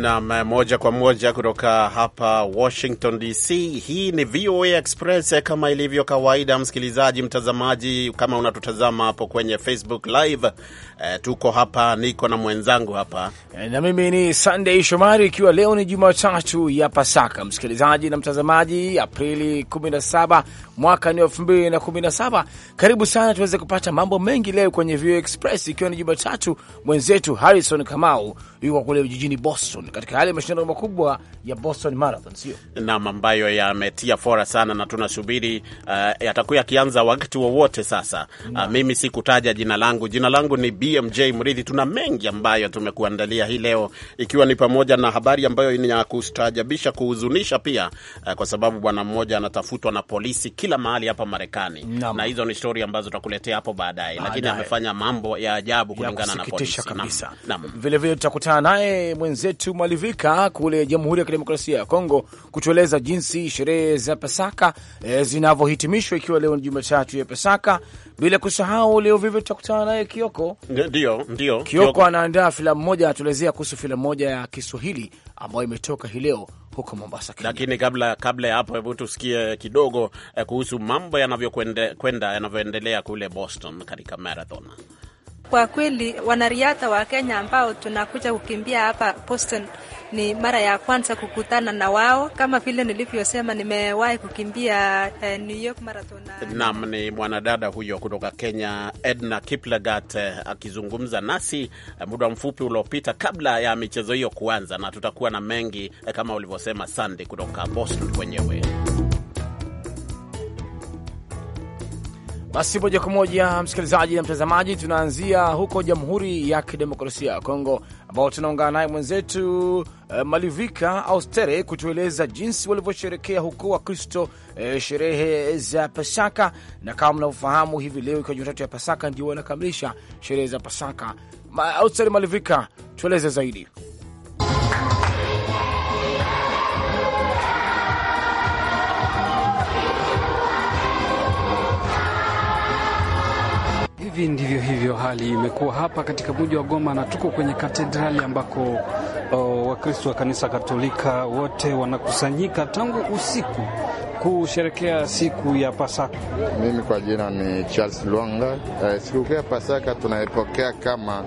Nam moja kwa moja kutoka hapa Washington DC. Hii ni VOA Express. Eh, kama ilivyo kawaida, msikilizaji, mtazamaji, kama unatutazama hapo kwenye Facebook Live eh, tuko hapa, niko na mwenzangu hapa eh, na mimi ni Sunday Shomari, ikiwa leo ni Jumatatu ya Pasaka. Msikilizaji na mtazamaji, Aprili 17 mwaka ni 2017. Karibu sana tuweze kupata mambo mengi leo kwenye VOA Express, ikiwa ni Jumatatu. Mwenzetu Harrison Kamau yuko kule jijini Boston katika yale mashindano makubwa ya Boston Marathon, sio nam, ambayo yametia fora sana na tunasubiri uh, yatakuwa yakianza wakati wowote sasa. Mm. Uh, mimi sikutaja jina langu, jina langu ni BMJ Mridhi. Tuna mengi ambayo tumekuandalia hii leo, ikiwa ni pamoja na habari ambayo ni ya kustaajabisha, kuhuzunisha pia uh, kwa sababu bwana mmoja anatafutwa na polisi kila mahali hapa Marekani Nama. na hizo ni stori ambazo tutakuletea hapo baadaye, lakini amefanya mambo ya ajabu kulingana na polisi. Vilevile tutakutana naye mwenzetu Malivika kule Jamhuri ya Kidemokrasia ya Kongo kutueleza jinsi sherehe za Pasaka e, eh, zinavyohitimishwa ikiwa leo ni Jumatatu ya Pasaka, bila kusahau leo vivyo tutakutana naye Kioko. Ndio, ndio. Kioko anaandaa filamu moja, anatuelezea kuhusu filamu moja ya Kiswahili ambayo imetoka hii leo huko Mombasa. Lakini kabla kabla ya hapo, hebu tusikie kidogo eh, kuhusu mambo yanavyokwenda yanavyoendelea kule Boston katika marathon. Kwa kweli wanariadha wa Kenya ambao tunakuja kukimbia hapa Boston ni mara ya kwanza kukutana na wao. Kama vile nilivyosema, nimewahi kukimbia eh, New York Marathon. Naam, ni mwanadada huyo kutoka Kenya, Edna Kiplagat eh, akizungumza nasi eh, muda mfupi uliopita kabla ya michezo hiyo kuanza, na tutakuwa na mengi eh, kama ulivyosema Sunday kutoka Boston kwenyewe. Basi moja kwa moja, msikilizaji na mtazamaji, tunaanzia huko Jamhuri ya Kidemokrasia ya Kongo, ambao tunaungana naye mwenzetu uh, Malivika Austere kutueleza jinsi walivyosherekea huko Wakristo uh, eh, sherehe za Pasaka. Na kama mnavyofahamu, hivi leo ikiwa Jumatatu ya Pasaka ndio wanakamilisha sherehe za Pasaka. Ma, Austere Malivika, tueleze zaidi. hivi ndivyo hivyo hali imekuwa hapa katika mji wa Goma, na tuko kwenye katedrali ambako Wakristo wa kanisa Katolika wote wanakusanyika tangu usiku kusherekea siku ya Pasaka. Mimi kwa jina ni Charles Lwanga. Eh, sikukuu ya Pasaka tunaipokea kama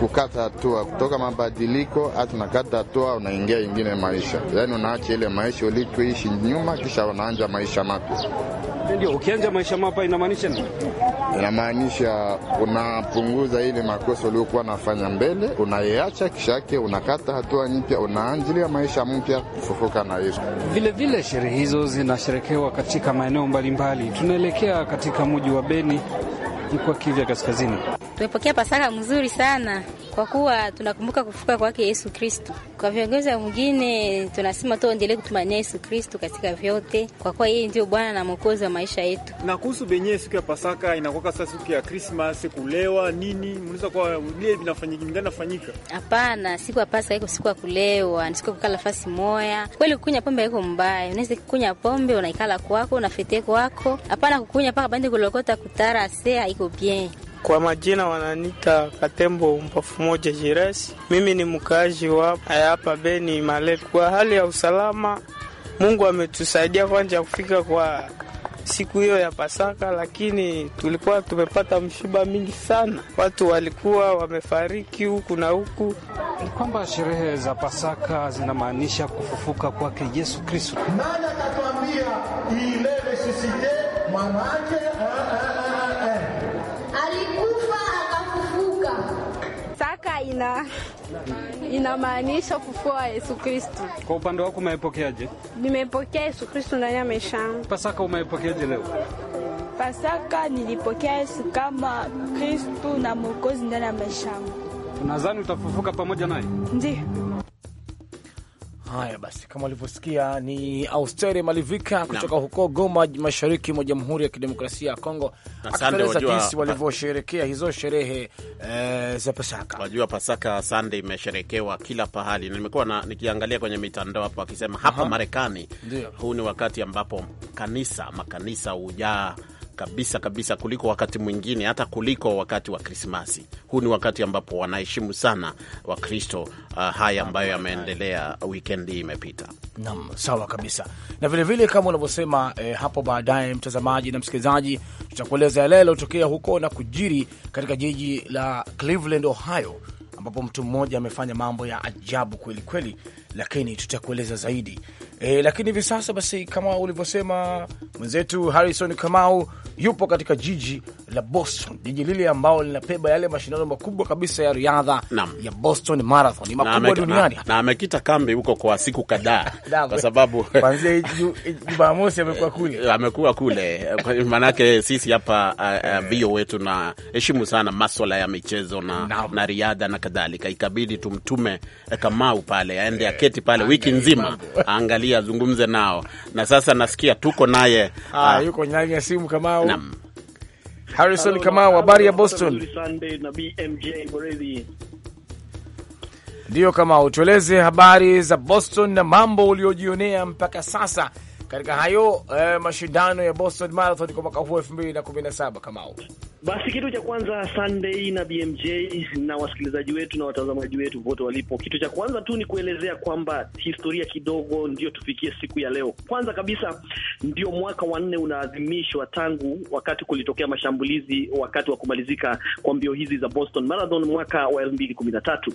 kukata hatua kutoka mabadiliko, hata unakata hatua, unaingia ingine maisha, yaani unaacha ile maisha ulikuishi nyuma, kisha unaanja maisha mapya. Ndio ukianja maisha mapya inamaanisha nini? inamaanisha unapunguza ile makosa uliokuwa nafanya mbele, unayeacha kishake, unakata hatua mpya, unaanjilia maisha mpya kufufuka na Yesu. Vilevile sherehe hizo zinasherekewa katika maeneo mbalimbali. Tunaelekea katika mji wa Beni mkoa Kivu ya Kaskazini. Tumepokea Pasaka mzuri sana kwa kuwa tunakumbuka kufuka kwake Yesu Kristo. Kwa viongozi wa mwingine, tunasema tu endelee kutumania Yesu Kristo katika vyote, kwa kuwa yeye ndio Bwana na Mwokozi wa maisha yetu. Na kuhusu benyewe, siku ya Pasaka inakuwa sasa siku ya Krismasi, kulewa nini, mnaweza kwa ile vinafanyika ndani nafanyika? Hapana, siku ya Pasaka iko siku ya kulewa, ni siku ya kukala fasi moya. Kweli kukunya pombe iko mbaya, unaweza kukunya pombe unaikala kwako, unafete kwako. Hapana kukunya paka bande kulokota kutara sea iko niko bien. Kwa majina wananita Katembo Mpafu Moja Jiresi, mimi ni mkaaji wa hapa Beni male Kwa hali ya usalama, Mungu ametusaidia kwanja kufika kwa siku hiyo ya Pasaka, lakini tulikuwa tumepata mshiba mingi sana, watu walikuwa wamefariki huku na huku. Ni kwamba sherehe za Pasaka zinamaanisha kufufuka kwake Yesu Kristo, maana akatuambia ilele sisite mwanawake Pasaka ina inamaanisha ufufuo wa Yesu Kristo. Kwa upande wako umeipokeaje? Nimepokea Yesu Kristo ndani ya maisha yangu. Pasaka umeipokeaje leo? Pasaka nilipokea Yesu kama Kristo na Mwokozi ndani ya maisha yangu. Unadhani utafufuka pamoja naye? Ndiyo. Haya basi, kama ulivyosikia ni Austere Malivika kutoka huko Goma, mashariki mwa Jamhuri ya Kidemokrasia ya Kongo, akieleza jinsi walivyosherekea hizo sherehe e, za Pasaka. Wajua Pasaka Sunday imesherekewa kila pahali, na nimekuwa nikiangalia kwenye mitandao hapo akisema hapa Marekani huu ni wakati ambapo kanisa makanisa hujaa kabisa kabisa kuliko wakati mwingine, hata kuliko wakati wa Krismasi. Huu ni wakati ambapo wanaheshimu sana Wakristo uh, haya ambayo yameendelea wikendi hii imepita. Naam, sawa kabisa na vilevile vile, kama unavyosema eh, hapo baadaye, mtazamaji na msikilizaji, tutakueleza yale yaliyotokea huko na kujiri katika jiji la Cleveland, Ohio ambapo mtu mmoja amefanya mambo ya ajabu kweli kweli, lakini tutakueleza zaidi e, lakini hivi sasa basi, kama ulivyosema mwenzetu Harrison Kamau yupo katika jiji la Boston, jiji lile ambao linapeba yale mashindano makubwa kabisa ya riadha ya Boston Marathon, ni makubwa duniani, na amekita kambi huko kwa siku kadhaa kwa sababu kwanzia Jumamosi amekuwa kule, amekuwa kule. Maanake sisi hapa eh. vio wetu na heshimu sana maswala ya michezo na, na riadha na kadhalika, ikabidi tumtume eh, Kamau pale aende eh ameketi pale wiki nzima, aangalia azungumze nao, na sasa nasikia tuko naye ah, ah yuko nyanya simu Kamau. Naam, Harrison Kamau, habari ya Boston? Ndiyo Kamau, tueleze habari za Boston na mambo uliojionea mpaka sasa katika hayo eh, mashindano ya Boston Marathon kwa mwaka huu 2017 Kamau. Basi kitu cha kwanza Sunday na BMJ na wasikilizaji wetu na watazamaji wetu wote walipo, kitu cha kwanza tu ni kuelezea kwamba historia kidogo ndio tufikie siku ya leo. Kwanza kabisa, ndio mwaka wa nne unaadhimishwa tangu wakati kulitokea mashambulizi wakati wa kumalizika kwa mbio hizi za Boston Marathon mwaka wa elfu mbili kumi na tatu.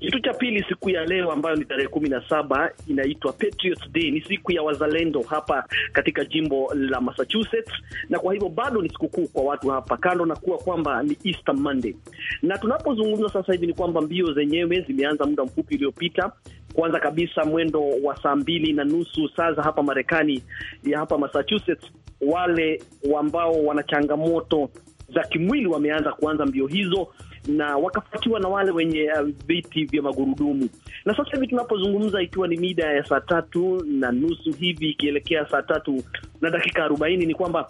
Kitu cha pili, siku ya leo ambayo ni tarehe kumi na saba inaitwa Patriots Day, ni siku ya wazalendo hapa katika jimbo la Massachusetts, na kwa hivyo bado ni sikukuu kwa watu hapa kando na kuwa kwamba ni Easter Monday, na tunapozungumza sasa hivi ni kwamba mbio zenyewe zimeanza muda mfupi uliopita. Kwanza kabisa mwendo wa saa mbili na nusu saa za hapa Marekani ya hapa Massachusetts, wale ambao wana changamoto za kimwili wameanza kuanza mbio hizo na wakafuatiwa na wale wenye uh, viti vya magurudumu. Na sasa hivi tunapozungumza, ikiwa ni mida ya saa tatu na nusu hivi ikielekea saa tatu na dakika arobaini, ni kwamba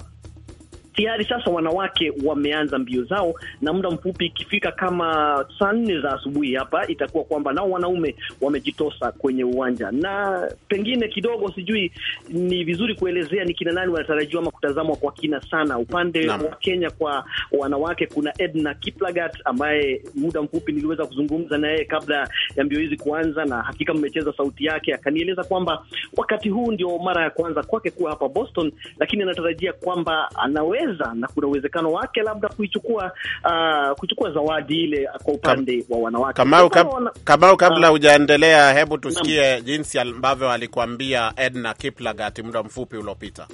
tayari sasa wanawake wameanza mbio zao, na muda mfupi ikifika kama saa nne za asubuhi hapa itakuwa kwamba nao wanaume wamejitosa kwenye uwanja, na pengine kidogo, sijui ni vizuri kuelezea ni kina nani wanatarajiwa ama kutazamwa kwa kina sana. Upande Naam. wa Kenya kwa wanawake kuna Edna Kiplagat ambaye muda mfupi niliweza kuzungumza na yeye kabla ya mbio hizi kuanza, na hakika mmecheza sauti yake, akanieleza kwamba wakati huu ndio mara ya kwanza kwake kuwa hapa Boston, lakini anatarajia kwamba anaweza anaweza na kuna uwezekano wake labda kuichukua uh, kuchukua zawadi ile kwa upande Kam, wa wanawake Kamau, kab, wana, Kamau kabla ah. hujaendelea uh, hebu tusikie nam, jinsi ambavyo alikuambia Edna Kiplagat muda mfupi uliopita.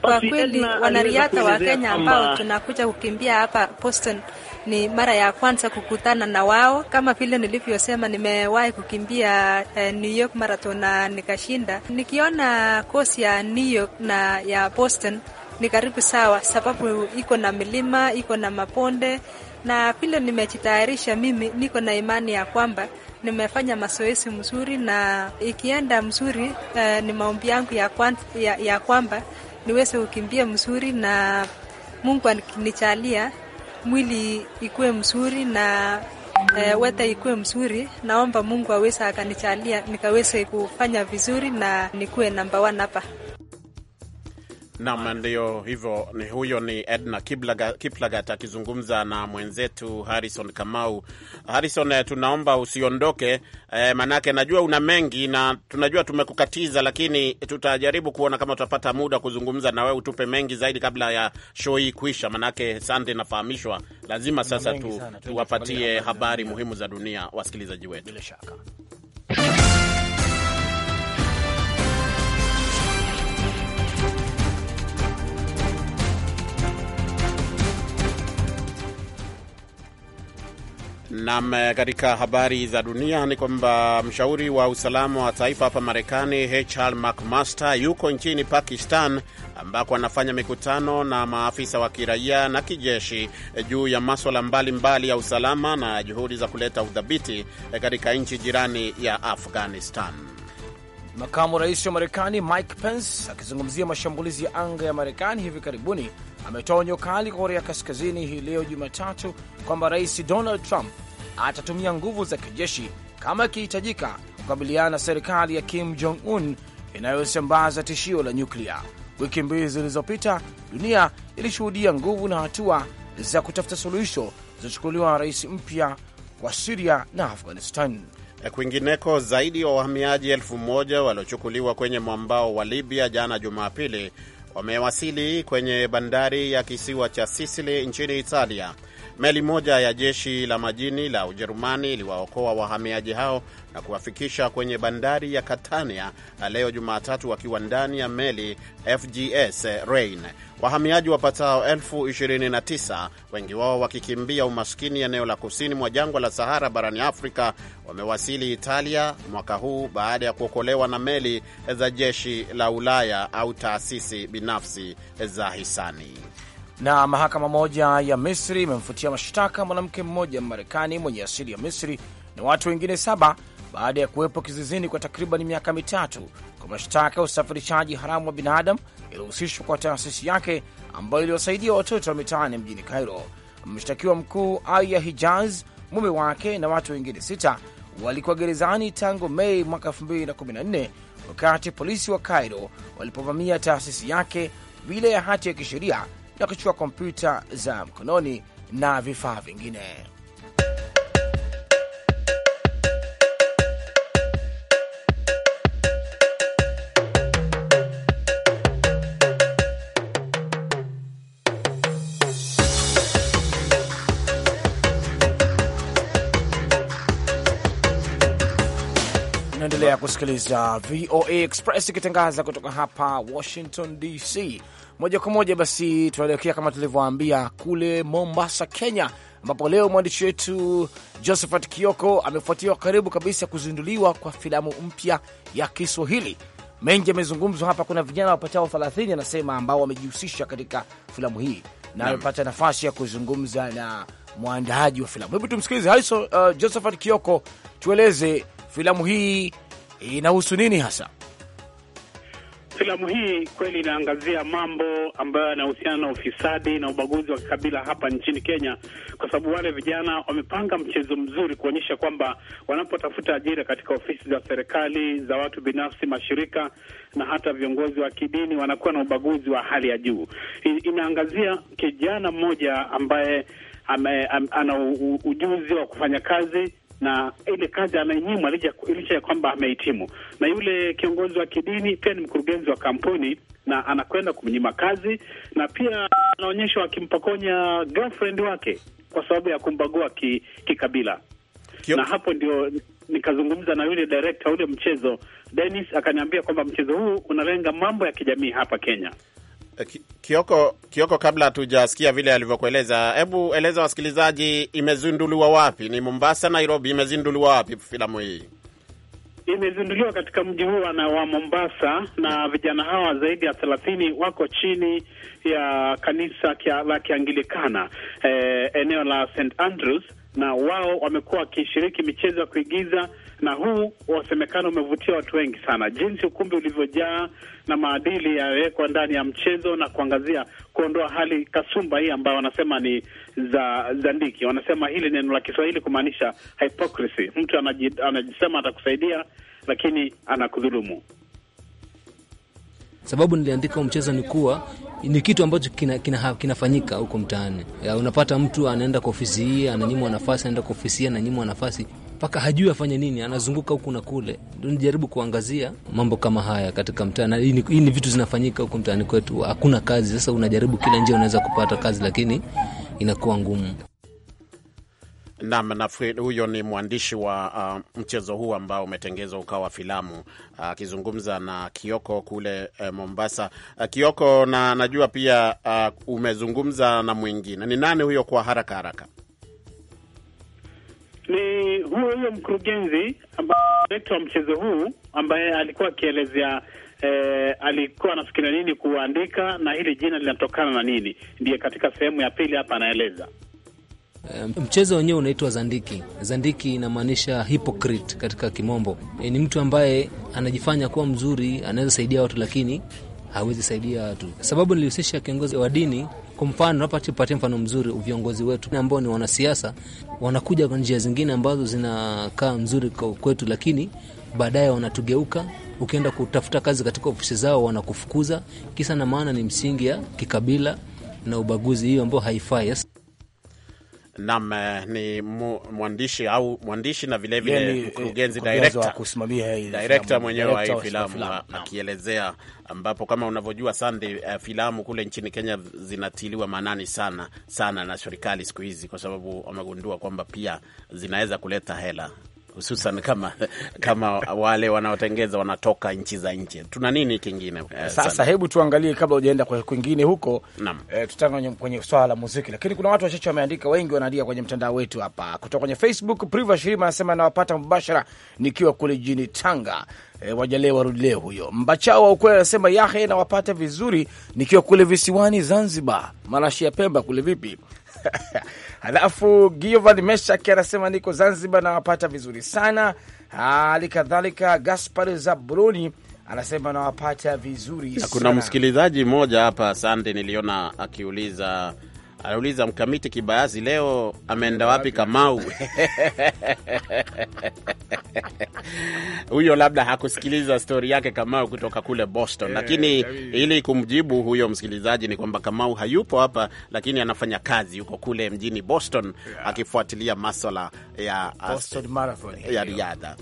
Kwa kweli wanariadha wa Kenya ambao tunakuja kukimbia hapa Boston ni mara ya kwanza kukutana na wao. Kama vile nilivyosema, nimewahi kukimbia eh, New York Marathon na nikashinda. Nikiona kosi ya New York na ya Boston ni karibu sawa, sababu iko na milima, iko na maponde na vile nimejitayarisha mimi, niko na imani ya kwamba nimefanya mazoezi mzuri, na ikienda mzuri uh, ni maombi yangu ya, ya, ya kwamba niweze kukimbia mzuri na Mungu anijalia mwili ikuwe mzuri na Uh, eh, weta ikuwe mzuri. Naomba Mungu aweze akanijalia nikaweze kufanya vizuri na nikuwe namba one hapa. Nam, ndiyo hivyo ni huyo ni Edna Kiplagat akizungumza na mwenzetu Harrison Kamau. Harrison, eh, tunaomba usiondoke e, manake najua una mengi na tunajua tumekukatiza, lakini tutajaribu kuona kama tutapata muda kuzungumza na wewe utupe mengi zaidi kabla ya show hii kuisha, manake sande nafahamishwa lazima sasa tu, tuwapatie habari muhimu za dunia wasikilizaji wetu bila shaka. Nam, eh, katika habari za dunia ni kwamba mshauri wa usalama wa taifa hapa Marekani HR McMaster yuko nchini Pakistan ambako anafanya mikutano na maafisa wa kiraia na kijeshi eh, juu ya maswala mbalimbali ya usalama na juhudi za kuleta udhabiti eh, katika nchi jirani ya Afghanistan. Makamu rais wa Marekani Mike Pence akizungumzia mashambulizi ya anga ya Marekani hivi karibuni ametoa onyo kali kwa Korea Kaskazini hii leo Jumatatu kwamba Rais Donald Trump atatumia nguvu za kijeshi kama ikihitajika kukabiliana na serikali ya Kim Jong Un inayosambaza tishio la nyuklia. Wiki mbili zilizopita, dunia ilishuhudia nguvu na hatua za kutafuta suluhisho zilizochukuliwa na rais mpya wa Siria na Afghanistan. Kwingineko, zaidi ya wa wahamiaji elfu moja waliochukuliwa kwenye mwambao wa Libya jana Jumapili wamewasili kwenye bandari ya kisiwa cha Sisili nchini Italia Meli moja ya jeshi la majini la Ujerumani iliwaokoa wahamiaji hao na kuwafikisha kwenye bandari ya Catania uh, leo Jumatatu, wakiwa ndani ya meli FGS Rain. Wahamiaji wapatao elfu 29 wengi wao wakikimbia umaskini eneo la kusini mwa jangwa la Sahara barani Afrika wamewasili Italia mwaka huu baada ya kuokolewa na meli za jeshi la Ulaya au taasisi binafsi za hisani. Na mahakama moja ya Misri imemfutia mashtaka mwanamke mmoja marekani mwenye asili ya Misri na watu wengine saba baada ya kuwepo kizizini kwa takriban miaka mitatu kwa mashtaka ya usafirishaji haramu wa binadamu yaliyohusishwa kwa taasisi yake ambayo iliwasaidia watoto wa mitaani mjini Cairo. Mshtakiwa mkuu Aya Hijaz, mume wake na watu wengine sita walikuwa gerezani tangu Mei mwaka 2014 wakati polisi wa Cairo walipovamia taasisi yake bila ya hati ya kisheria na kuchukua kompyuta za mkononi na vifaa vingine. kusikiliza VOA Express ikitangaza kutoka hapa Washington DC moja kwa moja. Basi tunaelekea kama tulivyoambia kule Mombasa, Kenya, ambapo leo mwandishi wetu Josephat Kioko amefuatiwa karibu kabisa kuzinduliwa kwa filamu mpya ya Kiswahili. Mengi yamezungumzwa hapa. Kuna vijana wapatao 30 anasema, ambao wamejihusisha katika filamu hii na amepata nafasi ya kuzungumza na mwandaaji wa filamu. Hebu tumsikilize. Haiso, uh, Josephat Kioko, tueleze filamu hii inahusu nini hasa? Filamu hii kweli inaangazia mambo ambayo yanahusiana na ufisadi na ubaguzi wa kikabila hapa nchini Kenya, kwa sababu wale vijana wamepanga mchezo mzuri kuonyesha kwamba wanapotafuta ajira katika ofisi za serikali, za watu binafsi, mashirika na hata viongozi wa kidini wanakuwa na ubaguzi wa hali ya juu. Inaangazia kijana mmoja ambaye ana ujuzi wa kufanya kazi na ile kazi anayenyimwa licha ya kwamba amehitimu. Na yule kiongozi wa kidini pia ni mkurugenzi wa kampuni na anakwenda kumnyima kazi, na pia anaonyeshwa akimpakonya girlfriend wake kwa sababu ya kumbagua kikabila ki na hapo ndio nikazungumza na yule director ule mchezo Dennis, akaniambia kwamba mchezo huu unalenga mambo ya kijamii hapa Kenya. Eh, Kioko, Kioko, kabla hatujasikia vile alivyokueleza, hebu eleza wasikilizaji, imezinduliwa wapi? Ni Mombasa, Nairobi? Imezinduliwa wapi filamu hii? Imezinduliwa katika mji huu wa Mombasa, na vijana hawa zaidi ya thelathini wako chini ya kanisa kia, la Kianglikana eh, eneo la St Andrews, na wao wamekuwa wakishiriki michezo ya kuigiza na huu wasemekana umevutia watu wengi sana, jinsi ukumbi ulivyojaa na maadili yawekwa ndani ya mchezo na kuangazia kuondoa hali kasumba hii ambayo wanasema ni za zandiki. Wanasema hili neno la Kiswahili kumaanisha hypocrisy, mtu anajisema atakusaidia lakini anakudhulumu. Sababu niliandika mchezo ni kuwa ni kitu ambacho kinafanyika kina, kina huko mtaani. Unapata mtu anaenda kwa ofisi hii, ananyimwa nafasi, anaenda kwa ofisi hii, ananyimwa nafasi mpaka hajui afanye nini, anazunguka huku na kule. Ndio nijaribu kuangazia mambo kama haya katika mtaa, na hii ni vitu zinafanyika huku mtaani kwetu, hakuna kazi. Sasa unajaribu kila njia unaweza kupata kazi, lakini inakuwa ngumu. Nam, nafikiri huyo ni mwandishi wa uh, mchezo huu ambao umetengezwa ukawa filamu uh, akizungumza uh, na Kioko kule uh, Mombasa. Uh, Kioko, na najua pia uh, umezungumza na mwingine, ni nani huyo kwa haraka haraka? ni huyo huyo mkurugenzi direkta wa mchezo huu ambaye alikuwa akielezea eh, alikuwa anafikiria nini kuandika na hili jina linatokana na nini, ndiye katika sehemu ya pili hapa anaeleza. Eh, mchezo wenyewe unaitwa Zandiki. Zandiki inamaanisha hypocrite katika kimombo. E, ni mtu ambaye anajifanya kuwa mzuri, anaweza saidia watu lakini hawezi saidia watu. Sababu nilihusisha kiongozi wa dini kwa mfano hapa tupatie mfano mzuri, viongozi wetu ambao ni wanasiasa wanakuja kwa njia zingine ambazo zinakaa mzuri kwetu, lakini baadaye wanatugeuka. Ukienda kutafuta kazi katika ofisi zao wanakufukuza, kisa na maana ni msingi ya kikabila na ubaguzi, hiyo ambao haifai. Nam eh, ni mwandishi au mwandishi na vilevile vile eh, mkurugenzi direkta mwenyewe wa hii filamu akielezea, ambapo kama unavyojua Sande, uh, filamu kule nchini Kenya zinatiliwa maanani sana sana na serikali siku hizi, kwa sababu wamegundua kwamba pia zinaweza kuleta hela hususan kama kama wale wanaotengeza wanatoka nchi za nje. Tuna nini kingine eh? eh sasa hebu tuangalie kabla kwa kwingine huko eh, tutana kwenye swala la muziki, lakini kuna watu wachache wameandika, wengi wanaandika kwenye mtandao wetu hapa. Kutoka kwenye Facebook, Priva Shirima anasema anawapata mubashara nikiwa kule jijini Tanga. E, eh, wajalee warudi leo. Huyo mbachao wa ukweli anasema yahe, nawapata vizuri nikiwa kule visiwani Zanzibar, marashi ya Pemba kule. Vipi? Halafu Giovan Meshak anasema niko Zanzibar, nawapata vizuri sana. Hali kadhalika Gaspar zabruni anasema nawapata vizuri. Kuna msikilizaji mmoja hapa, asante, niliona akiuliza anauliza mkamiti kibayasi leo ameenda wapi Kamau? huyo labda hakusikiliza stori yake Kamau kutoka kule Boston. Eh, lakini ili kumjibu huyo msikilizaji ni kwamba Kamau hayupo hapa, lakini anafanya kazi huko kule mjini Boston, akifuatilia maswala ya, ya riadha.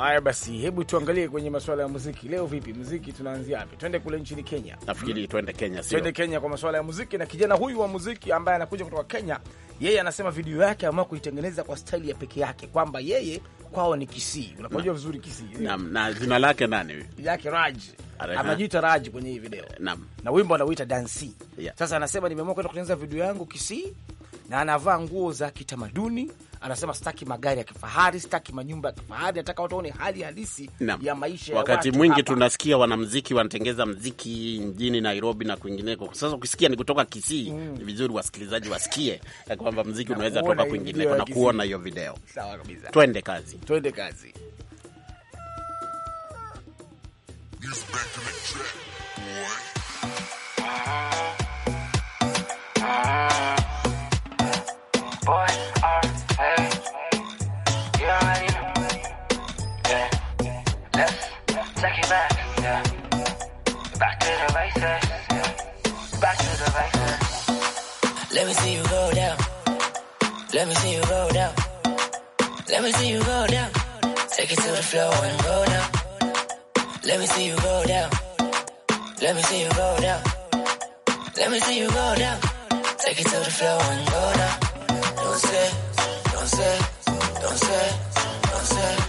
Haya basi, hebu tuangalie kwenye masuala ya muziki leo. Vipi muziki, tunaanzia wapi? Twende kule nchini Kenya, nafikiri twende Kenya, sio twende Kenya kwa masuala ya muziki. Na kijana huyu wa muziki ambaye anakuja kutoka Kenya, yeye anasema video yake ameamua kuitengeneza kwa staili ya peke yake, kwamba yeye kwao ni Kisii. Unapojua vizuri Kisii eh? naam. Na jina lake nani? Yake Raj, anajiita Raj kwenye hii video naam, na wimbo anauita Dansi. Yeah. Sasa anasema nimeamua kwenda kutengeneza video yangu Kisii, na anavaa nguo za kitamaduni anasema sitaki magari ya kifahari, sitaki manyumba ya kifahari, nataka watu waone hali halisi na ya maisha. Wakati mwingi tunasikia wanamziki wanatengeza mziki mjini Nairobi na kwingineko. Sasa ukisikia ni kutoka Kisii, mm. ni vizuri wasikilizaji wasikie kwamba mziki unaweza toka kwingineko na kuona hiyo video. Sawa kabisa, twende kazi, twende kazi. Boy. Let me see you go down. Let me see you go down. Let me see you go down. Take it to the floor and go down. Let me see you go down. Let me see you go down. Let me see you go down. Take it to the floor and go down. Don't say, don't say, don't say, don't say.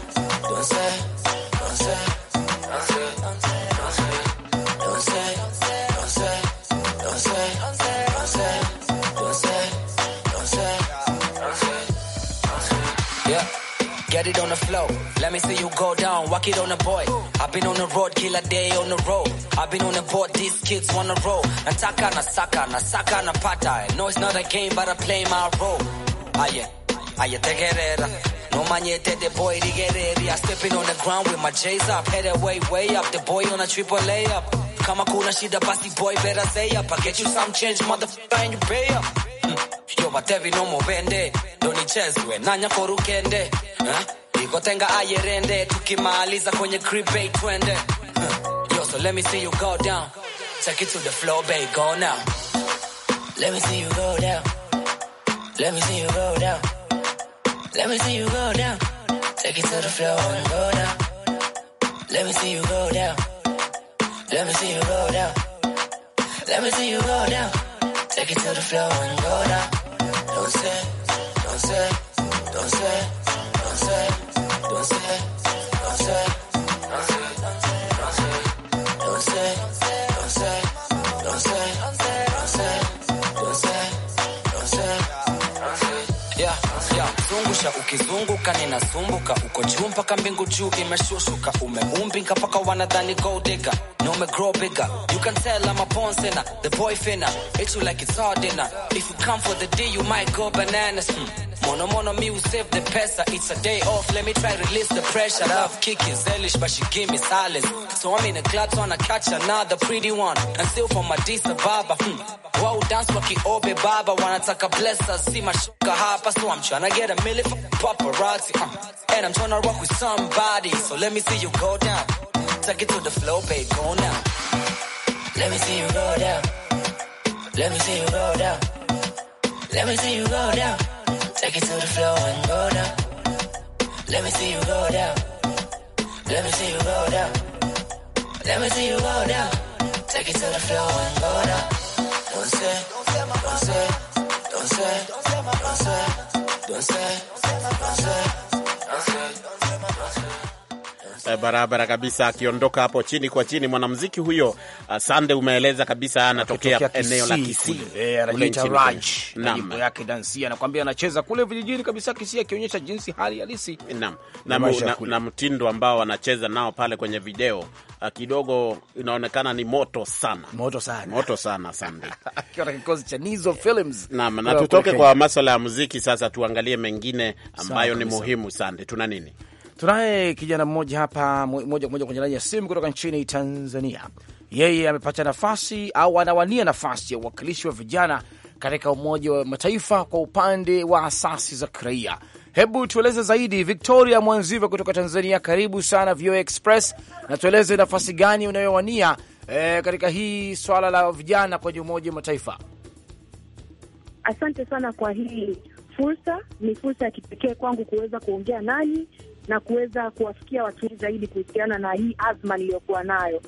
get it on the flow. Let me see you go down, walk it on the boy. I've been on the road, kill a day on the road. I've been on the board, these kids wanna roll. Nataka na saka, na saka na pata. No, it's not a game, but I play my role. Aye, aye, tegerera. No manyete de boy, digereri. I stepping on the ground with my J's up. Headed way, way up. The boy on a triple layup. Kama kuna shida basi boy, better say up. I get you some change, motherfucker, and you pay up. Hmm, yo, but every no more Don't need we Donichezwe, nanya korukende huh? Eh? Ikotenga ayerende tukimaliza kwenye cribbay twende huh? Yo, so let me see you go down take it to the floor babe go now let me see you go down let me see you go down let me see you go down take it to the floor and go down let me see you go down let me see you go down let me see you go down take it to the floor and go down don't say don't say don't say ukizunguka ninasumbuka, uko juu mpaka mbingu juu imeshushuka, umeumbika mpaka wanadhani goldika no me grow bigger you can tell I'm a porn sinner the boy finna hit you like it's hard dinner if you come for the day you might go bananas mm. Mono mono me will save the pesa. It's a day off, let me try release the pressure. Love kicking Zelish, but she give me silence. So I'm in a club trying to catch another pretty one. And still for my decent baba. Hmm. Wow, dance waki obe oh, baba. take bless blessing. see my shuka hapa. So I'm trying to get a million paparazzi. Uh. And I'm trying to rock with somebody. So let me see you go down. Take it to the floor, babe, go now. Let me see you go down. Let me see you go down. Let me see you go down. Take it to the floor and go down. Let me see you go down. Let me see you go down. Let me see you go down. Take it to the floor and go down. Don't say, don't say, don't say, don't say, don't say, don't say, don't say, don't say. Eh, barabara kabisa, akiondoka hapo chini kwa chini mwanamuziki huyo. uh, Sande, umeeleza kabisa anatokea eneo la Kisii, eh, anajiita Raj nyimbo yake Dansia, anakuambia anacheza kule vijijini kabisa Kisii, akionyesha jinsi hali halisi na, na, na, na mtindo ambao anacheza nao pale kwenye video uh, kidogo inaonekana ni moto sana, moto sana, moto sana Sande. Naam, na tutoke kwa maswala ya muziki sasa, tuangalie mengine ambayo Sama, ni muhimu Sande, tuna nini? Tunaye kijana mmoja hapa moja kwa moja kwenye laini ya simu kutoka nchini Tanzania. Yeye amepata nafasi au anawania nafasi ya uwakilishi wa vijana katika Umoja wa Mataifa kwa upande wa asasi za kiraia. Hebu tueleze zaidi, Victoria Mwanziva kutoka Tanzania, karibu sana VOA Express, na tueleze nafasi gani unayowania eh, katika hii swala la vijana kwenye Umoja wa Mataifa. Asante sana kwa hii fursa, ni fursa ya kipekee kwangu kuweza kuongea nani na kuweza kuwafikia watu wengi zaidi kuhusiana na hii azma niliyokuwa nayo.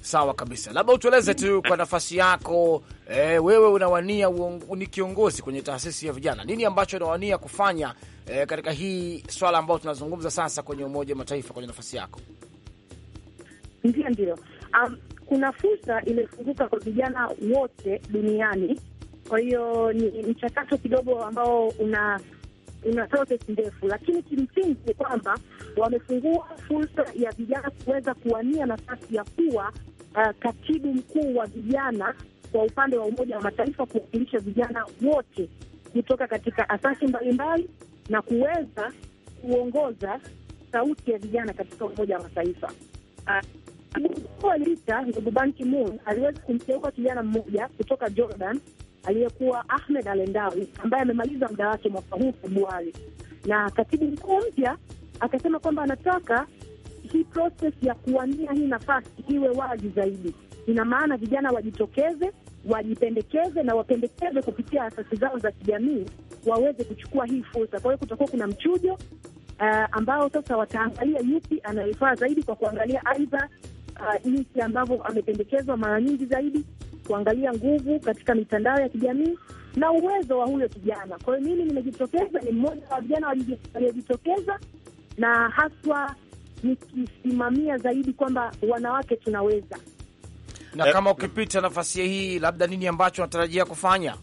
Sawa kabisa, labda utueleze tu kwa nafasi yako e, wewe unawania ni kiongozi kwenye taasisi ya vijana, nini ambacho unawania kufanya e, katika hii swala ambayo tunazungumza sasa kwenye Umoja wa Mataifa kwenye nafasi yako? Ndio, ndio. Um, kuna fursa imefunguka kwa vijana wote duniani, kwa hiyo ni mchakato kidogo ambao una ina proses ndefu, lakini kimsingi ni kwamba wamefungua fursa ya vijana kuweza kuwania nafasi ya kuwa uh, katibu mkuu wa vijana kwa upande wa Umoja wa Mataifa, kuwakilisha vijana wote kutoka katika asasi mbalimbali na kuweza kuongoza sauti ya vijana katika Umoja wa Mataifa. Uh, alita ndugu Ban Ki-moon aliweza kumteua kijana mmoja kutoka Jordan aliyekuwa Ahmed Alendawi ambaye amemaliza muda wake mwaka huu Februari, na katibu mkuu mpya akasema kwamba anataka hii proses ya kuwania hii nafasi iwe wazi zaidi. Ina maana vijana wajitokeze, wajipendekeze na wapendekeze kupitia asasi zao za kijamii waweze kuchukua hii fursa. Kwa hiyo kutakuwa kuna mchujo uh, ambao sasa wataangalia yupi anayefaa zaidi, kwa kuangalia aidha uh, ambavyo amependekezwa mara nyingi zaidi kuangalia nguvu katika mitandao ya kijamii na uwezo wa huyo kijana. Kwa hiyo mimi nimejitokeza, ni mmoja wa vijana waliojitokeza, na haswa nikisimamia zaidi kwamba wanawake tunaweza. Na kama ukipita nafasi hii, labda nini ambacho natarajia kufanya?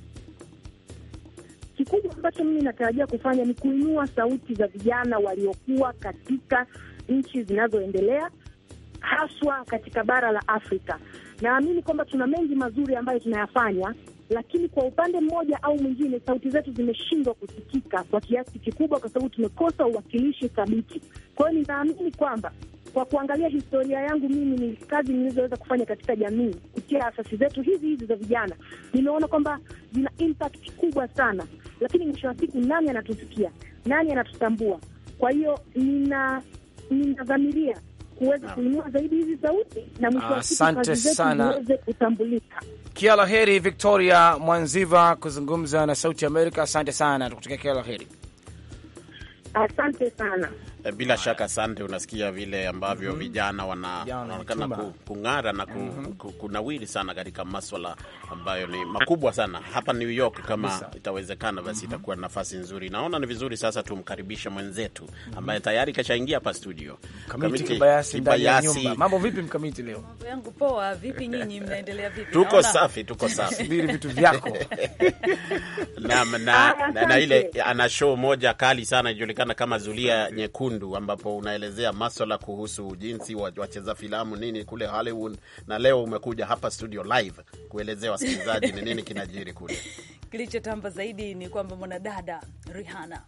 Kikubwa ambacho mimi natarajia kufanya ni kuinua sauti za vijana waliokuwa katika nchi zinazoendelea haswa katika bara la Afrika. Naamini kwamba tuna mengi mazuri ambayo tunayafanya, lakini kwa upande mmoja au mwingine, sauti zetu zimeshindwa kusikika kwa kiasi kikubwa, kwa sababu tumekosa uwakilishi thabiti. Kwa hiyo ninaamini kwamba kwa kuangalia historia yangu mimi, ni kazi nilizoweza kufanya katika jamii kupitia asasi zetu hizi hizi za vijana, nimeona kwamba zina impact kubwa sana, lakini mwisho wa siku, nani anatusikia? Nani anatutambua? Kwa hiyo nina ninadhamiria kuweza kuinua zaidi hizi sauti na mwisho wa siku kazi zetu ziweze kutambulika. Kila la heri Victoria Mwanziva kuzungumza na Sauti Amerika. Asante sana, tukutakia kila la heri. Asante sana. Eh, bila shaka sande, unasikia vile ambavyo mm -hmm. vijana wanaonekana wana kung'ara na ku, mm -hmm. kunawiri sana katika maswala ambayo ni makubwa sana hapa New York. Kama itawezekana basi, mm -hmm. itakuwa nafasi nzuri. Naona ni vizuri sasa tumkaribishe mwenzetu mhm. ambaye tayari kashaingia hapa studio, Kibayasi. Mambo vipi Mkamiti? Leo mambo yangu poa, vipi nyinyi, mnaendelea vipi? Tuko safi, tuko safi. vitu vyako ah, na, na, na, na ile ana show moja kali sana ijulikana kama Zulia Nyekundu Nyekundu, ambapo unaelezea maswala kuhusu jinsi wacheza filamu nini kule Hollywood, na leo umekuja hapa studio live kuelezea wasikilizaji ni nini kinajiri kule. Kilichotamba zaidi ni kwamba mwanadada Rihanna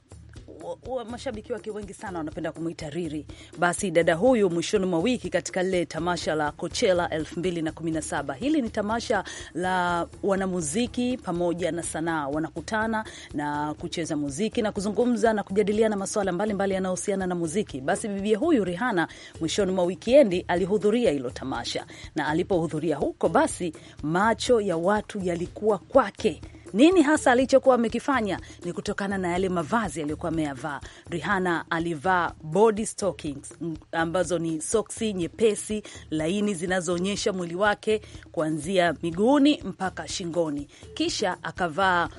mashabiki wake wengi sana wanapenda kumwita Riri. Basi dada huyu mwishoni mwa wiki katika lile tamasha la Coachella 2017 hili ni tamasha la wanamuziki pamoja na sanaa, wanakutana na kucheza muziki na kuzungumza na kujadiliana masuala mbalimbali yanayohusiana na muziki. Basi bibia huyu Rihanna mwishoni mwa wikiendi alihudhuria hilo tamasha, na alipohudhuria huko, basi macho ya watu yalikuwa kwake nini hasa alichokuwa amekifanya ni kutokana na yale mavazi aliyokuwa ameyavaa. Rihanna alivaa body stockings mm, ambazo ni soksi nyepesi laini zinazoonyesha mwili wake kuanzia miguuni mpaka shingoni, kisha akavaa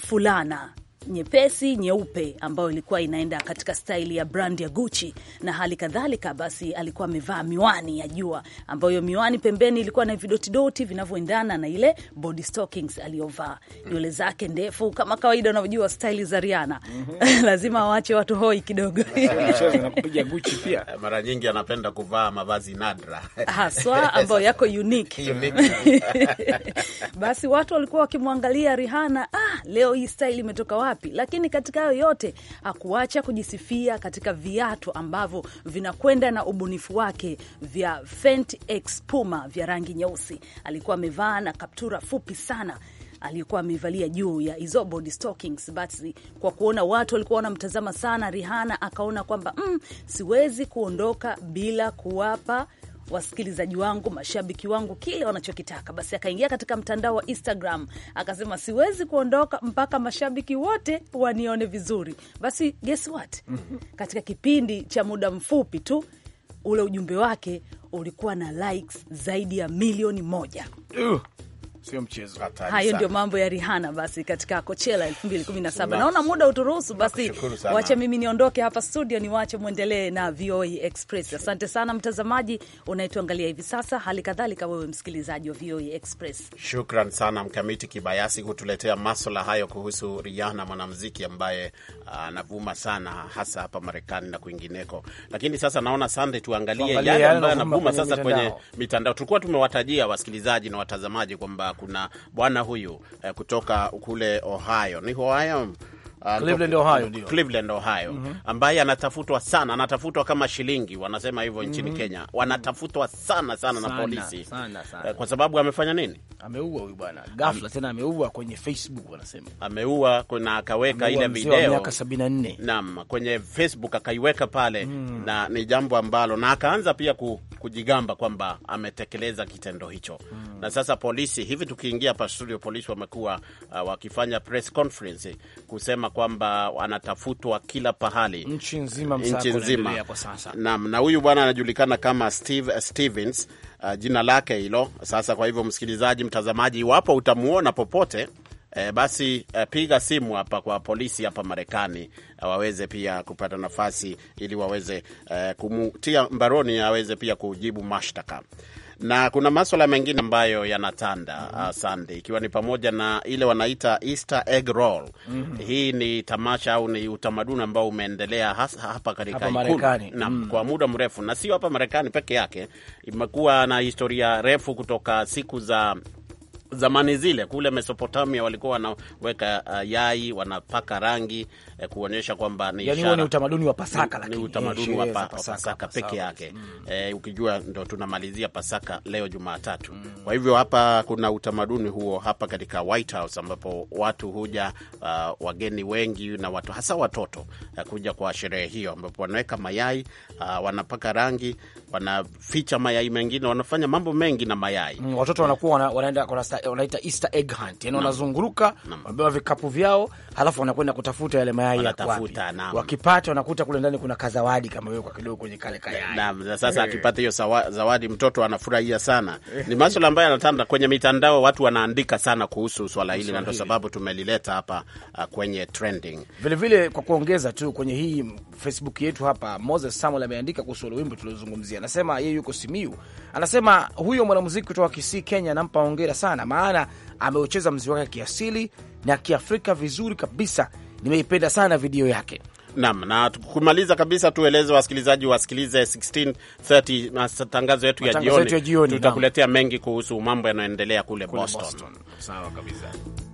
fulana nyepesi nyeupe ambayo ilikuwa inaenda katika staili ya brand ya Gucci na hali kadhalika. Basi alikuwa amevaa miwani ya jua, ambayo hiyo miwani pembeni ilikuwa na vidotidoti vinavyoendana na ile body stockings aliyovaa. Nywele zake ndefu kama kawaida, unavyojua staili za Rihanna mhm. lazima awache watu hoi kidogo pia. Eh, mara nyingi anapenda kuvaa mavazi nadra haswa ambayo yako unique. Basi watu walikuwa wakimwangalia Rihanna, ah, leo hii staili imetoka wapi? wapi, lakini katika hayo yote hakuacha kujisifia katika viatu ambavyo vinakwenda na ubunifu wake vya Fenty X Puma vya rangi nyeusi. Alikuwa amevaa na kaptura fupi sana aliyekuwa amevalia juu ya hizo body stockings. Basi kwa kuona watu walikuwa wanamtazama sana, Rihanna akaona kwamba mm, siwezi kuondoka bila kuwapa wasikilizaji wangu, mashabiki wangu kile wanachokitaka. Basi akaingia katika mtandao wa Instagram akasema, siwezi kuondoka mpaka mashabiki wote wanione vizuri. Basi guess what? Mhm. katika kipindi cha muda mfupi tu ule ujumbe wake ulikuwa na likes zaidi ya milioni moja sio mchezo. Hayo ndio mambo ya Rihanna basi katika Coachella 2017. Naona muda uturuhusu, basi wacha mimi niondoke hapa studio, niwache mwendelee na VOA e Express. Asante sana mtazamaji unayetuangalia hivi sasa, hali kadhalika wewe msikilizaji wa VOA e Express. Shukran sana Mkamiti Kibayasi kutuletea maswala hayo kuhusu Rihanna, mwanamuziki ambaye ah, anavuma uh, sana hasa hapa Marekani na kwingineko. Lakini sasa naona Sunday, tuangalie yale ambayo anavuma sasa kwenye mitandao. Tulikuwa tumewatajia wasikilizaji na watazamaji kwamba kuna bwana huyu eh, kutoka kule Ohio, ni Ohio uh, Cleveland, Ohio, Cleveland, Ohio mm -hmm. ambaye anatafutwa sana, anatafutwa kama shilingi, wanasema hivyo nchini mm -hmm. Kenya wanatafutwa sana sana, sana na polisi sana, sana. Eh, kwa sababu amefanya nini? Ameua huyu bwana ghafla tena, ameua kwenye Facebook wanasema ameua, kuna akaweka ile video miaka 74 naam, kwenye Facebook akaiweka pale mm. na ni jambo ambalo na akaanza pia ku, kujigamba kwamba ametekeleza kitendo hicho mm. na sasa polisi hivi tukiingia hapa studio, polisi wamekuwa uh, wakifanya press conference kusema kwamba anatafutwa kila pahali nchi nzima, nchi nzima. na huyu bwana anajulikana kama Steve eh, Stevens, uh, jina lake hilo. Sasa kwa hivyo, msikilizaji, mtazamaji, iwapo utamuona popote E, basi e, piga simu hapa kwa polisi hapa Marekani waweze pia kupata nafasi ili waweze e, kumutia mbaroni aweze pia kujibu mashtaka na kuna maswala mengine ambayo yanatanda mm -hmm. Uh, Sande, ikiwa ni pamoja na ile wanaita Easter egg roll mm -hmm. Hii ni tamasha au ni utamaduni ambao umeendelea hasa hapa katika Marekani na mm -hmm. kwa muda mrefu, na sio hapa Marekani peke yake, imekuwa na historia refu kutoka siku za zamani zile kule Mesopotamia walikuwa wanaweka uh, yai wanapaka rangi eh, kuonyesha kwamba ni yani ni utamaduni wa Pasaka, lakini ni utamaduni eh, wa eh, pa, Pasaka Pasaka, Pasaka peke mm. yake. mm. Eh, ukijua ndo tunamalizia Pasaka leo Jumatatu. mm. Kwa hivyo hapa kuna utamaduni huo hapa katika White House ambapo watu huja uh, wageni wengi na watu hasa watoto uh, kuja kwa sherehe hiyo ambapo wanaweka mayai uh, wanapaka rangi, wanaficha mayai mengine, wanafanya mambo mengi na mayai mm, watoto wanakuwa wana, wanaenda wanaita Easter egg hunt, yani wanazunguruka, wanabeba vikapu vyao, halafu wanakwenda kutafuta yale mayai mayai ya kwapi. Wakipata wanakuta kule ndani kuna kazawadi kama wewe kwa kidogo kwenye kale kayai. Naam, sasa hey, eh. akipata hiyo zawadi mtoto anafurahia sana. Eh. Ni masuala ambayo yanatanda kwenye mitandao, watu wanaandika sana kuhusu swala hili na ndio sababu tumelileta hapa uh, kwenye trending. Vile vile kwa kuongeza tu kwenye hii Facebook yetu hapa, Moses Samuel ameandika kuhusu wimbo tuliozungumzia. Anasema yeye yuko Simiu. Anasema huyo mwanamuziki kutoka Kisii, Kenya nampa hongera sana maana ameucheza mziki wake kiasili na Kiafrika vizuri kabisa nimeipenda sana video yake. Nam na kumaliza kabisa, tueleze wasikilizaji wasikilize 1630 matangazo yetu ya jioni. Tutakuletea mengi kuhusu mambo yanayoendelea kule, kule Boston. Boston. Sawa kabisa.